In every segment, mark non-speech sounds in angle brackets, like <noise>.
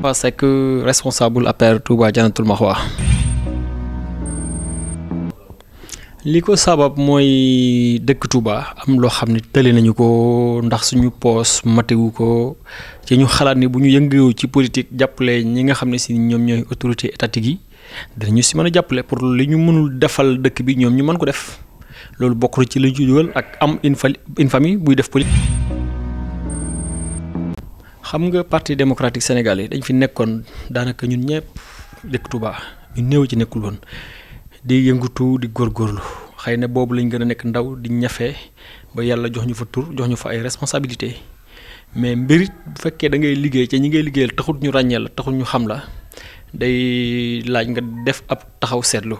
parce que responsable APR Touba Janatul Mahwa li ko sabab moy dëkk Touba am lo xamni tele nañu ko ndax suñu maté wu ko ci ñu xalaat ni buñu yëngëw ci politique jappalé ñi nga xamni ci si ñoy autorité étatique yi danañu si mën a pour li ñu mënul defal dëkk bi ñom ñu mën ko def lolu bokku ci li ñu ak am une famille buy def politique xam nga partie parti démocratique sénégalais dañ fi nekkoon daanaka ñun ñëpp dëkk Touba ñu néew ci nekkul woon di yëngatu di góor góorlu xëy na boobu lañ gën a nekk ndaw di ñafe ba yàlla jox ñu fa tur jox ñu fa ay responsabilité mais mbirit bu fekkee da ngay liggéey ci ñi ngay liggéeyal taxul ñu ràññee la taxul ñu xam la day laaj nga def ab taxaw seetlu.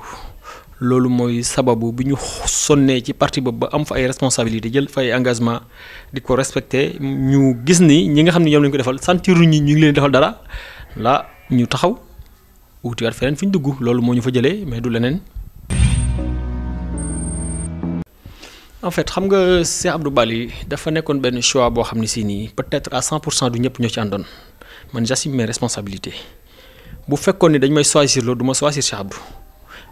loolu mooy sababu bi ñu sonnee ci parti boobu ba am fa ay responsabilité jël fa ay engagement di ko respecté ñu gis ni ñi nga xam ne ñoom lañ ko defal sentiru ñi ñu ngi leen defal dara la ñu taxaw wutiwaat feneen fi ñu dugg loolu moo ñu fa jëlee mais du leneen. en fait xam nga Cheikh Abdou Bali dafa nekkoon benn choix boo xam ne si nii peut-être à 100 pour cent du ñëpp ñoo ci àndoon man j'assume mes responsabilités bu fekkoon ni dañ may choisir loolu duma ma choisir Cheikh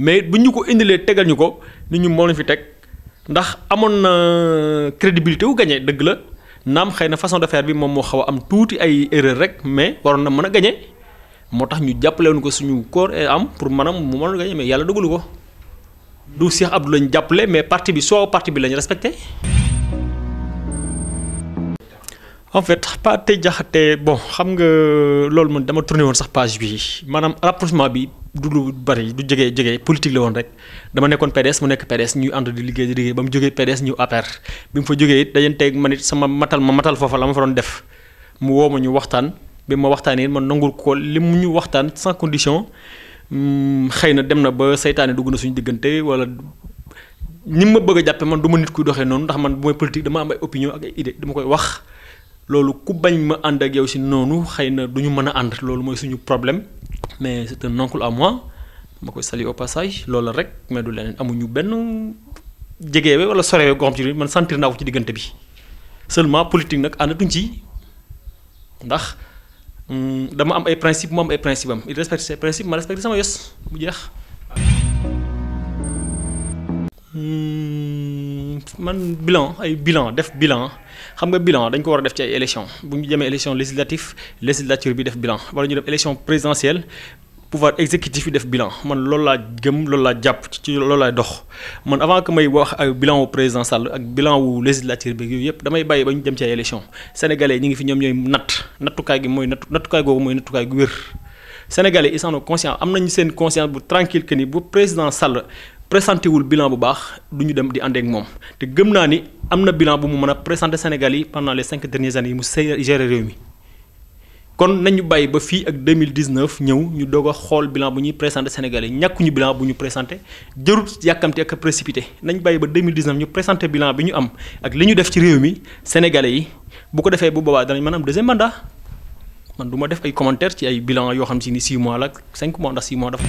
mais bu ñu ko indilee tegal ñu ko nit ñu moo leen fi teg ndax amoon na crédibilité wu gagné dëgg la naam xëy na façon de faire bi moom moo xaw a am tuuti ay erreur rek mais waroon na mën a gagné moo tax ñu jàppale ko suñu corps et am pour maanaam mu mën a gagné mais yàlla dogalu ko du Cheikh Abdou lañ jàppale mais parti bi soo parti bi lañ respecté. en fait Pathé Diakhaté bon xam nga loolu man dama tourné woon sax page bi maanaam rapprochement bi. du lu bari du jege jege politique la won rek dama nekkoon PDS mu nekk PDS ñuy and di liggéey di liggéey ba mu PDS ñu aper bi fa jógee it dajanteeg man manit sama matal ma matal fofu la ma fa don def mu woma ñu waxtaan bi ma man nangul ko li ñu waxtaan sans condition mm, xeyna na dem na ba saytaane duguna na suñu digënté wala ni ma bëgg jappé man duma nit kuy doxé non ndax man bu may politique dama am ay opinion ak ay idée dama koy wax loolu ku bañ ma ànd ak yow si noonu xëy na du ñu mën a ànd loolu mooy suñu problème mais c'est un oncle à moi ma koy saluer au passage loolu rek mais du leneen amuñu benn jegewe wala sorewe goo xam ci man sentir naa ko ci diggante bi seulement politique nag àndatuñ ci ndax dama am ay principe mu am ay principe am il respecte ses principes ma respecte sama yos bu jeex. man bilan ay bilan def bilan xam nga bilan dañ ko war a def ci ay élection bu ñu demee élection législative législature bi def bilan wala ñu def élection présidentielle pouvoir exécutif bi def bilan man loolu laa gëm loolu laa jàpp ci loolu laay dox man avant que may wax ak bilan wu président Sall ak bilan wu législature bi yooyu yëpp damay bàyyi ba ñu dem ci ay élection sénégalais ñi ngi fi ñoom ñooy natt nattukaay gi mooy nattu nattukaay googu mooy nattukaay gu wér sénégalais ils sont conscients am nañu seen conscience bu tranquille que ni bu président Sall présenté wul bilan bu baax duñu dem di ànd ak mom te gëm naa ni am bilan bu mu mën présenter présenté Sénégal yi pendant les 5 dernières années mu géré réew mi kon nañu bàyyi ba fi ak 2019 ñew ñu doog xol bilan bu ñuy présenter Sénégal yi ñu bilan bu ñu présenter jërul yàkkamti ak précipité nañ bàyyi ba 2019 ñu présenter bilan bi ñu am ak li ñu def ci réew mi Sénégalais yi bu ko défé bu boba dañu mëna am deuxième mandat man duma def ay commentaire ci ay bilan yo xam ci ni 6 mois la 5 mois ndax 6 mois dafa.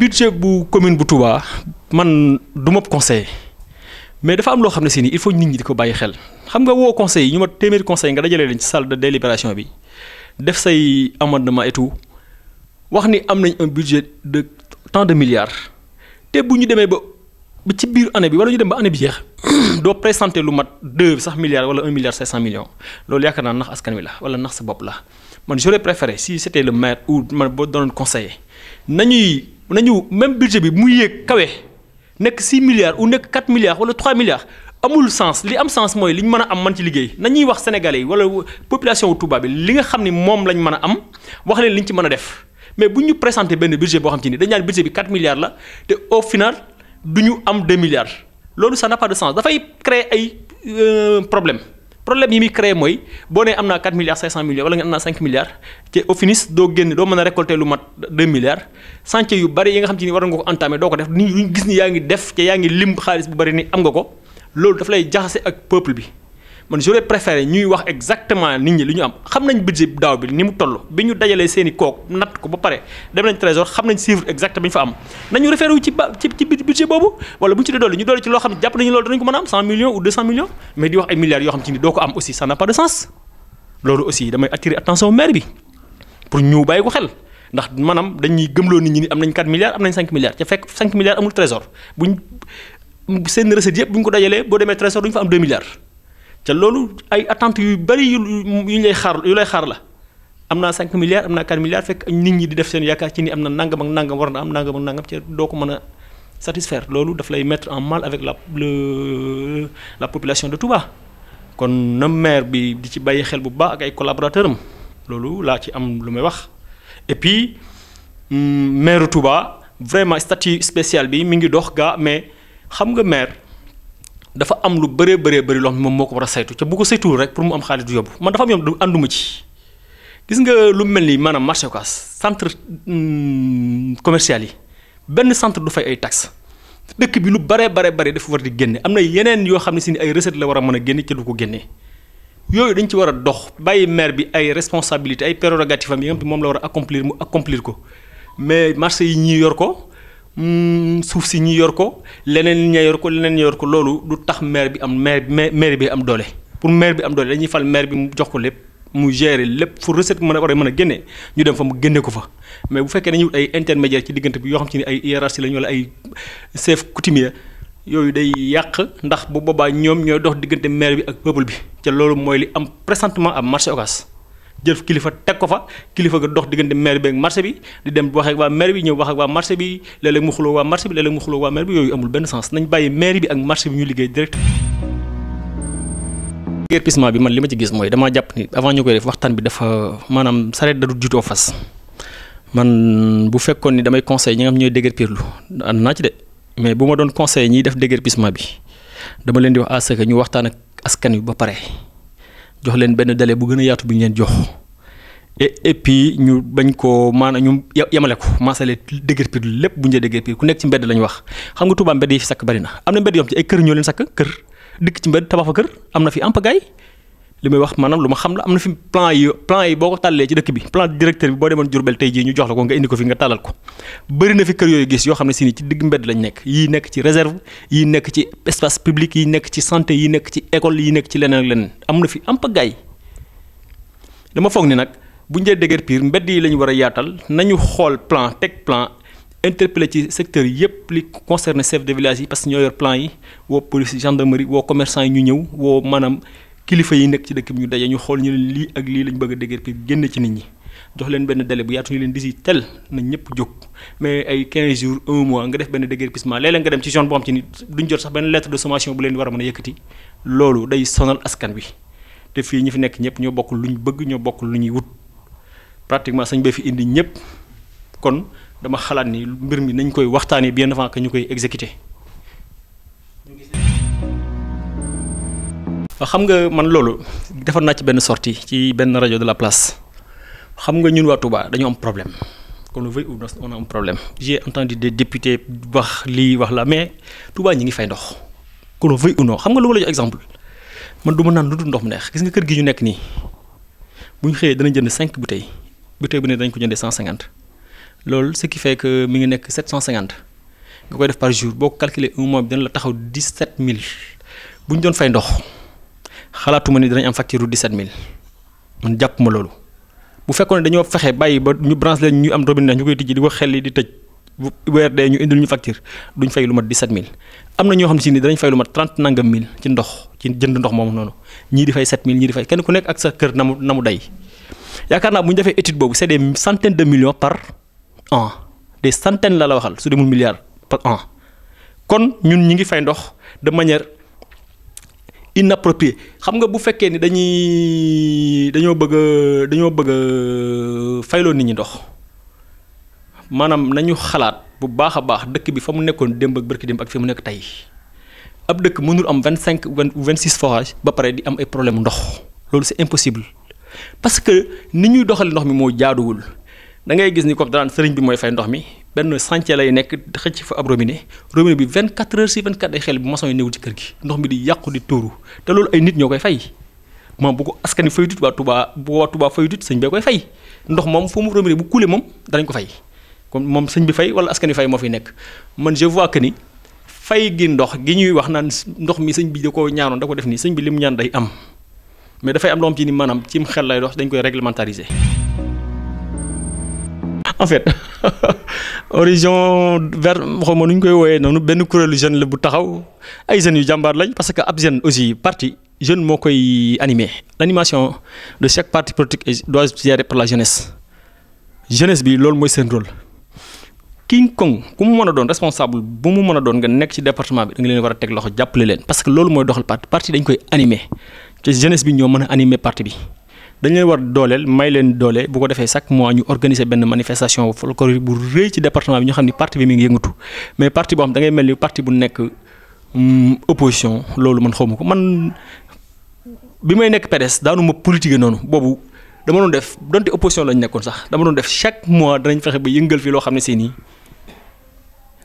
budget bu commune bu conseil mais dafa am il faut que nous soyons. xel conseil conseil nga salle de délibération def amendement et tout wax ni un budget de tant de milliards et si ñu ba année bi wala <coughs> milliards wala un milliard 500 millions loolu j'aurais préféré si c'était le maire ou conseiller nañu même budget bi mu yéeg kawe nek 6 milliards ou 4 milliards wala 3 milliards amul sens li am sens mooy li ñu mën a am man ci liggéey nañuy wax sénégalais yi wala population Touba bi li nga xam ni moom lañ mën a am wax leen ci mën def mais bu ñu présenté benn budget boo xam ci dañ naan budget bi 4 milliards la te au final nous am 2 milliards loolu ça n'a pas de sens dafay créer ay euh, problème problème yi muy créé mooy boo nee am naa 4 milliards 500 millions wala nga am naa 5 milliards te au finish doo génn doo mën a récolter lu mat 2 milliards chantier yu bari yi nga xam ci ni war nga ko entamer doo ko def ni ñu gis ni yaa ngi def te yaa ngi lim xaalis bu bari ni am nga ko loolu daf lay jaxase ak peuple bi man j'aurais préféré ñuy wax exactement nit ñi li ñu am xam nañ budget daaw bi ni mu toll bi ñu dajalee seen i kook natt ko ba pare dem nañ trésor xam nañ nañu référé wu ba ci ci budget boobu wala bu ñu loo xam ne jàpp nañu loolu danañ ko mën a aussi damay attirer attention maire bi pour ñu bàyyi ko xel ndax maanaam dañuy gëmloo nit ñi ni am nañ 4 milliards amul trésor buñ seen recette yëpp bu ñu ko dajalee boo demee trésor du ñu fa am 2 milliards ca loolu ay attentes yu bari yu yu lay xar yu lay xar la am naa 5 milliards am naa 4 milliards fekk nit ñi di def seen yaakaar ci ni am na nangam ak nangam war na am nangam ak nangam ca doo ko mën a satisfaire loolu daf lay mettre en mal avec la le la population de Touba. kon na maire bi di ci bàyyi xel bu baax ak ay collaborateurs am loolu laa ci am lu may wax et puis hum, maire Touba vraiment statut spécial bi mi ngi dox gaa mais xam nga maire. dafa am lu bëree bëree bëri loo moom moo ko war a saytu ca bu ko saytuwul rek pour mu am xaalis du yóbbu man dafa am yoon du ànduma ci gis nga lu mel ni maanaam marché Ocass centre hmm, commercial yi benn centre du fay ay taxes dëkk bi lu bare bare bare dafa war di génne am na yeneen yoo xam ne si ni ay recette la war a mën a génne ca du ko génne yooyu dañ ci war a dox bàyyi maire bi ay responsabilité ay prérogatives am yi nga moom la war a accomplir mu accomplir ko mais marché yi ñii yor ko. Hmm, suuf si ñi yor ko leneen ña yor ko leneen ña yor ko loolu du tax maire bi am maire maire bi am doole pour maire bi am doole dañuy fal maire bi mu jox ko lépp mu gérer lépp fu recette mën a war a mën a génne ñu dem fa mu génne ko fa mais bu fekkee nañu wut ay intermédiaire ci diggante bi yoo xam ci ne ay hiérarchie lañu wala ay chef coutumier yooyu day yàq ndax bu boobaa ñoom ñooy dox diggante maire bi ak peuple bi te loolu mooy li am présentement am marché Ocass jël kilifa teg ko fa kilifa ga dox diggante maire bi ak marché bi di dem wax ak waa maire bi ñëw wax ak waa marché bi léeg-léeg mu xuloo waa marché bi léeg-léeg mu xuloo waa maire bi yooyu amul benn sens nañ bàyyi maire bi ak marché bi ñu liggéey direct guerpissement bi man li ma ci gis mooy damaa jàpp ni avant ñu koy def waxtaan bi dafa maanaam sareet da du jutoo fas man bu fekkoon ni damay conseil ñi nga xam ñooy déguerpirlu ànd naa ci de mais bu ma doon conseil ñiy def déguerpissement bi dama leen di wax à ce ñu waxtaan ak askan wi ba pare jox leen benn délai bu gën a yaatu bu ñu leen jox et et ñu bañ koo maanaam ñu yemale ko maasale déguerpir lépp bu ñu see déguerpir ku nekk ci mbedd lañ wax xam nga Touba mbedd yi sakk bari na am na mbedd yoo xam ci ay kër ñoo leen sakk kër dëkk ci mbedd tabax fa kër am na fi ampagaay li may wax maanaam lu ma xam la am na fi plan yi plan yi boo ko tàllee ci dëkk bi plan directeur bi boo demoon Jurbel tey jii ñu jox la ko nga indi ko fi nga tàllal ko bëri na fi kër yooyu gis yoo xam ne si ni ci digg mbedd lañ nekk yii nekk ci réserve yii nekk ci espace public yii nekk ci santé yii nekk ci école yii nekk ci leneen ak leneen am na fi am pagaay dama foog ni nag bu ñu dee dëgër piir mbedd yi la ñu war a yaatal nañu xool plan teg plan interpellé ci secteur yëpp li concerné chef de village yi que ñoo yor plan yi woo police gendarmerie woo commerçant yi ñu ñëw woo maanaam kilifa yi nekk ci dëkk bi ñu daje ñu xool ñu ne lii ak lii lañ bëgg a dëgër bi génn ci nit ñi jox leen benn délai bu yaatu ñu leen disi tel na ñëpp jóg mais ay 15 jours 1 mois nga def benn déguerpissement léeg-léeg nga dem ci zone boo xam ci ni duñ jot sax benn lettre de sommation bu leen war a mën a yëkkati loolu day sonal askan wi te fii ñu fi nekk ñëpp ñoo bokk lu ñu bëgg ñoo bokk lu ñuy wut pratiquement sañ ba fi indi ñëpp kon dama xalaat ni mbir mi nañ koy waxtaanee bien avant que ñu koy exécuter xam nga man loolu defoon naa ci benn sortie ci benn rajo de la place xam nga ñun waa Touba dañu am problème comme le veuille ou on a un problème j'ai entendu des députés wax lii wax la mais Touba ñi ngi fay ndox comme le veuille ou non xam nga lu la jox exemple man du ma naan lu dul ndox mu neex gis nga kër gi ñu nekk nii bu ñu xëyee dana jënd 5 bouteilles bouteille bu ne dañ ko jëndee 150 loolu ce qui fait que mi ngi nekk 750 nga koy def par jour boo calculer un mois bi dana la taxaw 17000 bu ñu doon fay ndox. xalaatuma ni dinañ am facture bu 17000 man jàpp ma loolu bu fekkoon ne dañoo fexe bàyyi ba ñu branche leen ñu am robinet ñu koy tijji di ko xelli di tëj bu weer dee ñu indil ñu facture duñ fay lu mat mille am na ñoo xam si ni danañ fay lu mat 30 nangam mille ci ndox ci jënd ndox moomu noonu ñii di fay 7000 ñii di fay kenn ku nekk ak sa kër na mu na mu day yaakaar naa bu ñu defee étude boobu c'est des centaines de millions par an des centaines la la waxal su demul milliards par an kon ñun ñi ngi fay ndox de manière. inapproprié xam nga bu fekkee ni dañuy dañoo bëgg a dañoo bëgg a fayloo nit ñi dox maanaam nañu xalaat bu baax a baax dëkk bi fa mu nekkoon démb ak barki démb ak fi mu nekk tey ab dëkk mënul am 25 cinq vingt forage ba pare di am ay problème ndox loolu c'est impossible parce que ni ñuy doxal ndox mi moo jaaduwul da ngay gis ni ko daan sëriñ bi mooy fay ndox mi benn chantier lay nekk xëcc fa ab robinet robinet bi 24 heures si 24 day xel bi maçon yi néew ci kër gi ndox mi di yàqu di tuuru te loolu ay nit ñoo koy fay moom bu ko askani fayutut waa Touba bu waa Touba fayutut sëñ bee koy fay ndox moom fu mu robinet bu kuule moom danañ ko fay kon moom sëñ bi fay wala askani fay moo fi nekk man je vois que ni fay gi ndox gi ñuy wax naan ndox mi sëñ bi da ko ñaanoon da ko def nii sëñ bi li mu ñaan day am mais dafay am loo xam ci ni maanaam cim xel lay dox dañ koy réglementariser en <laughs> origine vers xaw ma koy wooyee noonu benn kuréelu jeune la bu taxaw ay jeunes yu jàmbaar lañ parce que ab jeune aussi parti jeune moo koy animé l'animation de chaque parti politique doit être gérée par la jeunesse jeunesse bi loolu mooy seen rôle. King Kong ku mu mën a doon responsable bu mu mën a doon nga nekk ci département bi da nga leen war a teg loxo jàppale leen parce que loolu mooy doxal parti parti dañ koy animé te jeunesse bi ñoo mën a animé parti bi. dañ leen war dooleel may leen doole bu ko defee chaque mois ñu organiser benn manifestation folklorique bu rëy ci département bi ñu xam ni parti bi mi ngi yëngatu mais parti boo xam da ni parti bu nekk mm, opposition loolu man xawma ko man bi may nekk PDS daanu ma politique noonu boobu dama doon def donte opposition lañu nekkoon sax dama doon def chaque mois danañ fexe ba yëngal fii loo xam ne si nii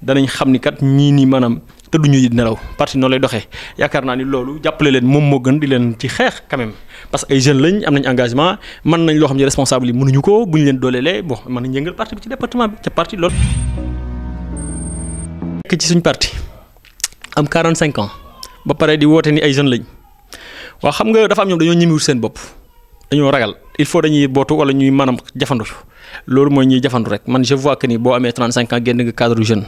danañ xam ni kat ñii nii maanaam te du ñuy nelaw parti noonu lay doxe yaakaar naa ni loolu jàppale leen moom moo gën di leen ci xeex quand parce que ay jeunes lañ am nañ engagement mën nañ loo xam ne responsable mënuñu ko bu leen dooleelee bon mën nañ yëngal parti bi ci département bi ca ci suñ parti am 45 ans ba pare di woote ni ay jeunes lañ waaw xam nga dafa am ñoom dañoo ñimiwul seen bopp dañoo ragal il faut dañuy bootu wala ñuy maanaam jafandu loolu mooy ñuy jafandu rek man je vois que ni boo amee 35 ans génn nga cadre jeune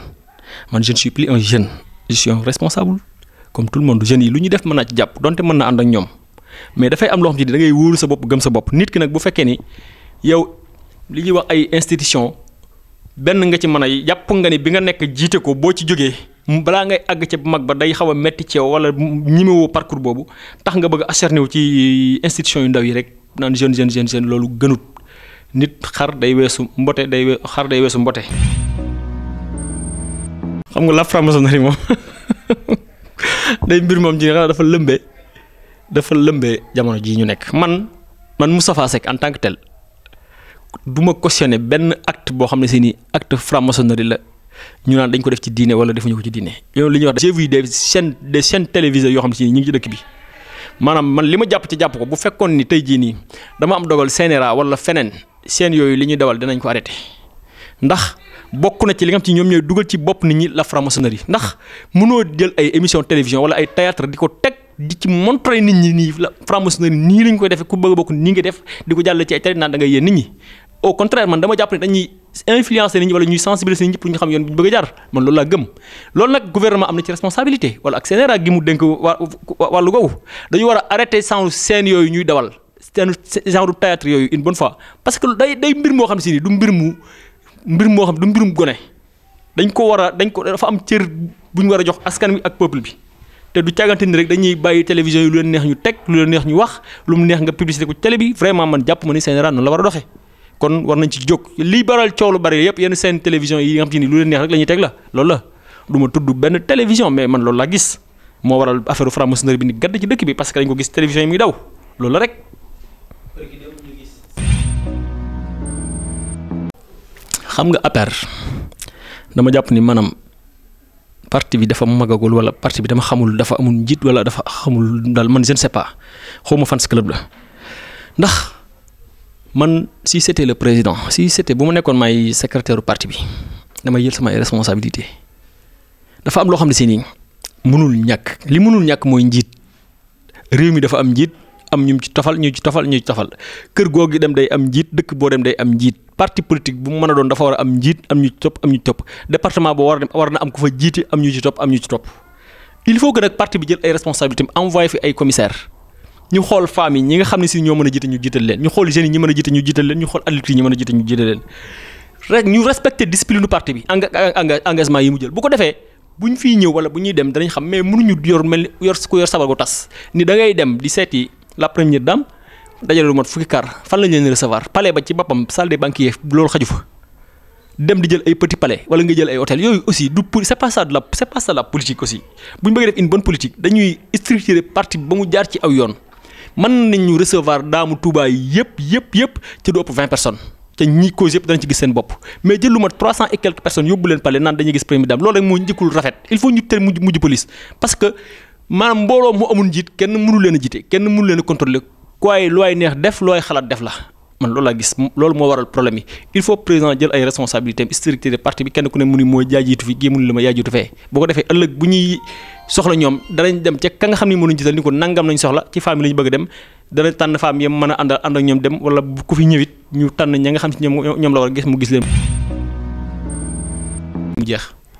man je ne suis plus un jeune. gestion responsable comme tout le monde jeune yi lu def mëna ci japp donte mëna and ak ñom mais fay am lo xamni da ngay wóolu sa bop gëm sa bop nit ki nak bu fekke ni yow li ñuy wax ay institution ben nga ci mëna japp nga ni bi nga nek jité ko bo ci joggé balaa ngay ag ci mag ba day xawa metti ci wala wala ñimewoo parcours bobu tax nga bëgg a wu ci institution yu ndaw yi rek nan jeune jeune jeune jeune lolu gënut nit xar day wessu mboté day xar day wessu mboté xam nga la franc-maçonnerie moom <laughs> day mbir moom ji nga xam dafa lëmbee dafa lëmbee jamono jii ñu nekk man man Moustapha Seck en tant que tel du ma cautionner benn acte boo xam ne si ni acte franc-maçonnerie la ñu naan dañ ko def ci diine wala defuñu ko ci diine yow li ñuy wax j'ai vu des chaînes des chaînes yoo xam ne si ñu ngi ci dëkk bi maanaam man li ma jàpp ci jàpp ko bu fekkoon ni tey jii nii dama am dogal CNRA wala feneen seen yooyu li ñuy dawal dinañ ko arrêté ndax. bokk na ci li nga xam ci ñoom ñooy dugal ci bopp nit ñi la franc-maçonnerie ndax mënoo jël ay émission télévision wala ay théâtre di ko teg di ci montré nit ñi nii la franc-maçonnerie nii lañ koy defee ku bëgg bokk nii ngi def di ko jàll ci ay télé naan da ngay yéen nit ñi au contraire man dama jàpp ne dañuy influencer nit ñi wala ñuy sensibiliser nit ñi pour ñu xam yoon bi ñu bëgg a jaar man loolu laa gëm loolu nag gouvernement am na ci responsabilité wala ak CNRA gi mu dénk wàllu googu dañu a arrêter sans scène yooyu ñuy dawal seen genre théâtre yooyu une bonne fois parce que day day mbir moo xam si ni du mbir mu mbir moo xam du mbirum gone dañ ko war a dañ ko dafa am cër bu ñu war a jox askan wi ak peuple bi te du càggante ni rek dañuy bàyyi télévision yi lu leen neex ñu teg lu leen neex ñu wax lu mu neex nga publicité ko télé bi vraiment man jàpp ma ni Sénégal noonu la war a kon war nañ ci jóg liy baral lu bari yëpp yenn seen télévision yi nga xam ni lu leen neex rek la ñuy teg la loolu la du ma tudd benn télévision mais man loolu laa gis moo waral affaire franc-maçonnerie bi ni gadd ci dëkk bi parce que dañ ko gis télévision yi muy daw lool la rek xam nga aper dama japp ni manam parti bi dafa magagul wala parti bi dama xamul dafa amul njit wala dafa xamul dal man je ne sais pas xawma fans club la ndax man si c'était le président si c'était buma nekkon may secrétaire parti bi dama jël sama responsabilité dafa am lo xamni ne si nii mënul ñàkk li mënul ñak moy njit réew mi dafa am njit am ñu ci tofal ñu ci tofal ñu ci tofal kër googu dem day am njiit dëkk boo dem day am njiit parti politique bu mu mën a doon dafa war a am am ñu ci topp am ñu ci war am ku fa jiite am ñu ci topp am ñu ci topp parti bi jël ay responsabilités am envoyé xool femmes yi ñi ne si ñoo mën a jiite ñu jiital leen ñu xool jeunes yi a jiite ñu jiital leen ñu xool adultes yi ñi mën a jiite ñu jiital leen rek ñu yi mu jël bu ko defee bu ñu fiy ñëw wala bu ñuy dem danañ xam mais mënuñu yor mel yor ku yor sabar gu tas ni da ngay dem di seeti la première dame dajale lu mat fukki car fan lañ leen recevoir palais ba ci boppam salle des banquiers loolu xaju fa dem di jël ay petit palais wala nga jël ay hôtel yooyu aussi du pour c'est pas ça c'est pas ça la aussi bu ñu bëggee def une bonne politique dañuy structurer parti ba mu jaar ci aw yoon mën nañu recevoir daamu Touba yëpp yëpp yëpp du ëpp vingt personnes te ñi cause yëpp danañ ci gis seen bopp mais jël lu mat trois cent maanaam mbooloo mu amul njiit kenn mënu leen a jiite kenn mënu leen a contrôler kuwaay looy neex def looy xalaat def la man loolu laa gis loolu moo waral problème yi il faut président jël ay responsabilités am stricte de parti bi kenn ku ne mu ni mooy jaajiitu fi gémmu ni la ma jaajiitu fee bu ko defee ëllëg bu ñuy soxla ñoom danañ dem ca ka nga xam ne mënuñ jiital ni ko nangam lañ soxla ci famille lañ bëgg dem dana tànn femme yam mën a àndal ànd ak ñoom dem wala ku fi ñëwit ñu tànn ña nga xam si ñoom ñoom la war a gis mu gis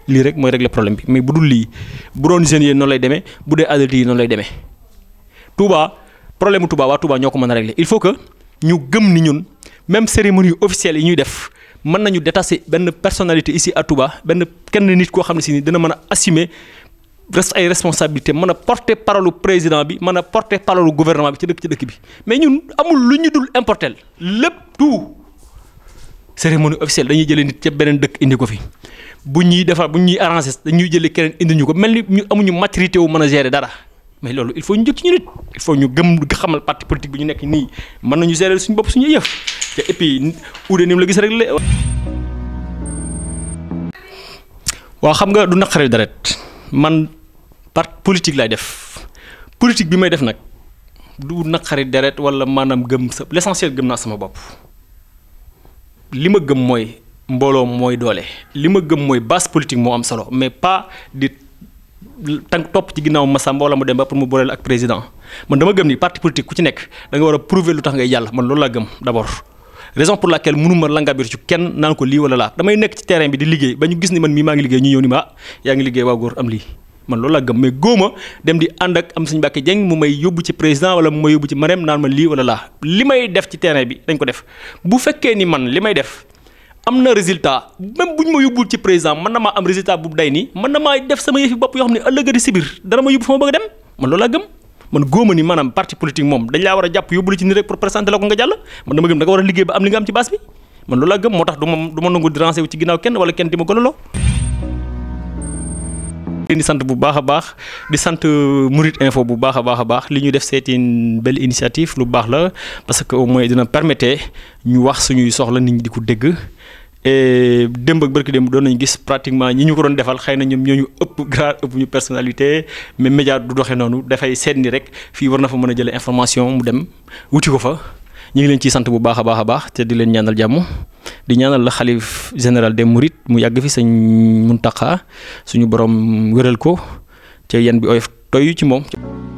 lii rek mooy régler problème bi mais bu dul lii bu doon jeunes yi noonu lay demee bu dee adultes yi noonu lay demee. Touba problème mu Touba waa Touba ñoo ko mën a régler il faut que ñu gëm ni ñun même cérémonie officielle yi ñuy def mën nañu détacher benn personalité ici à Touba benn kenn nit koo xam ne si ni dana mën a assumé reste ay responsabilité mën a porté parole président bi mën a porté parole gouvernement bi ci dëkk ci dëkk bi mais ñun amul lu ñu dul importer lépp tout cérémonie officielle dañuy jëlee nit ca beneen dëkk indi ko fi buñ ñuy bunyi buñ ñuy arrangé dañuy jël keneen indi ñu ko mel ni ñu amuñu maturité wu mëna gérer dara mais loolu il faut ñu jox ci ñunit il faut ñu gëm xamal parti politique bi ñu nekk nii mën nañu gérer suñu bopp suñu yëf te et puis la gis rek xam nga du dara man parti politique lay def politique bi may def nak du naqari deret wala maanaam gëm sa l'essentiel gëm naa sama bopp li ma gëm mooy mbolo moy dole lima gëm moy basse politique mo am solo mais pas di tank top ci ginaaw massa mbolo mu dem ba pour mu borel ak président man dama gëm ni parti politique ku ci nek da nga wara prouver lutax ngay yalla man loolu la gëm d'abord raison pour laquelle nga bir ci kenn nan ko li wala la damay nek ci terrain bi di liggey bañu gis ni man mi ma ngi liggey ñu ñew ni ma ya ngi liggey wa gor am li man loolu la gëm mais goma dem di and ak am seigne mbacke jeng mu may yobbu ci président wala mu may yobbu ci marem nan ma li wala la limay def ci terrain bi dañ ko def bu fekke ni man limay def amna résultat même buñ ma yobul ci président man na am résultat bu day ni man na def sama yefi bop yo xamni ne di sibir dara ma yóbbu fa bëgg dem man loolu gëm man goma ni manam parti politique mom dañ la wara japp yobul ci ni rek pour présenter la ko nga jall man dama gëm da nga wara liggéey ba am li nga am ci base bi man loolu gëm motax duma duma nangu di rancé wu ci ginnaaw kenn wala kenn di ko lolo di sante bu baakha baax di sante Mouride info bu baakha baakha baax baax li ñu def c'est une belle initiative lu baax la parce que au moins dina permettre ñu wax suñuy soxla nit ñi di ko dégg et démb ak barki démb doon nañu gis pratiquement ñi ñu ko doon defal xëy na ñoom ñoo ñu ëpp grand ëpp ñu personnalité mais média du doxee noonu dafay seet ni rek fii war na fa mën a jëlee information mu dem wuti ko fa ñu ngi leen ciy sant bu baax a baax a baax te di leen ñaanal jàmm di ñaanal la xalif général de murit mu yàgg fi sañ mun Muntaxa suñu borom wéral ko te yan bi oyof toy ci moom.